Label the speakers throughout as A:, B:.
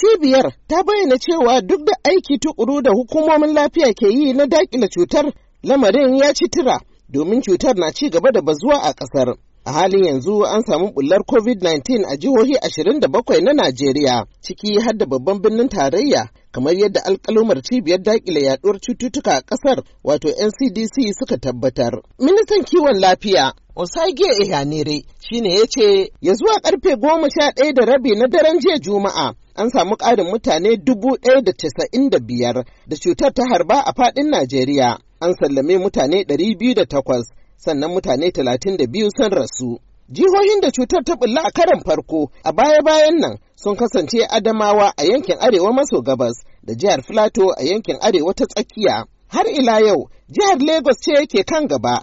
A: Cibiyar ta bayyana cewa duk da aiki tukuru da hukumomin lafiya ke yi na dakile cutar lamarin ya ci tura, domin cutar na ci gaba da bazuwa a ƙasar. A halin yanzu an samu bullar COVID-19 a jihohi ashirin da bakwai na Najeriya, ciki har da babban birnin tarayya, kamar yadda alkalumar cibiyar dakile yaɗuwar cututtuka a ƙasar wato NCDC suka tabbatar. Ministan kiwon lafiya Osage Ehanire shine ya ce ya zuwa karfe goma sha ɗaya da rabi na daren jiya Juma'a an samu ƙarin mutane dubu ɗaya da casa'in da biyar da cutar ta harba a faɗin Najeriya. An sallame mutane ɗari biyu da takwas, sannan mutane talatin da biyu sun rasu. Jihohin da cutar ta bulla a karon farko a baya-bayan nan sun kasance Adamawa a yankin Arewa maso gabas da jihar Filato a yankin Arewa ta tsakiya. Har ila yau, jihar Lagos ce yake kan gaba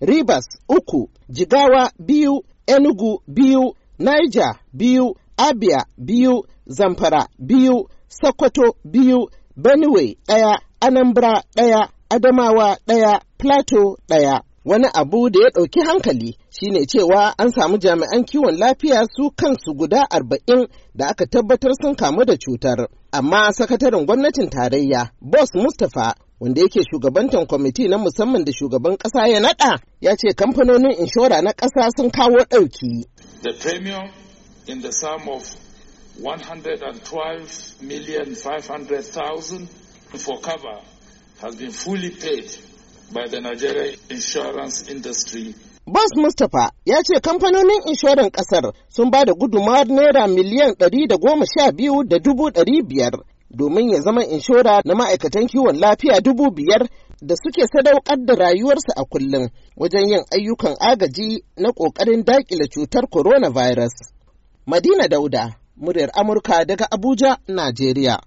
A: Rivers uku, Jigawa biyu, Enugu biyu, Niger biyu, Abia biyu, Zamfara biyu, Sokoto biyu, Benue ɗaya, Anambra ɗaya, Adamawa ɗaya, Plateau ɗaya. Wani abu da ya ɗauki hankali shine cewa an samu jami'an kiwon lafiya su kansu guda arba'in da aka tabbatar sun kamu da cutar. Amma sakataren gwamnatin tarayya, Boss Mustapha wanda yake shugabantan kwamiti na musamman da shugaban ƙasa ya naɗa ya ce kamfanonin inshora na ƙasa sun kawo ɗauki. The premium in the sum of 112,500,000 for cover has been fully paid by the Nigerian insurance industry Boss Mustapha ya ce kamfanonin inshoran kasar sun ba da gudunmawar naira miliyan ɗari da goma sha biyu da dubu ɗari biyar domin ya zama inshora na ma'aikatan kiwon lafiya dubu biyar da suke sadaukar da rayuwarsu a kullum wajen yin ayyukan agaji na ƙoƙarin daƙile cutar coronavirus. Madina Dauda, muryar Amurka daga Abuja, Najeriya.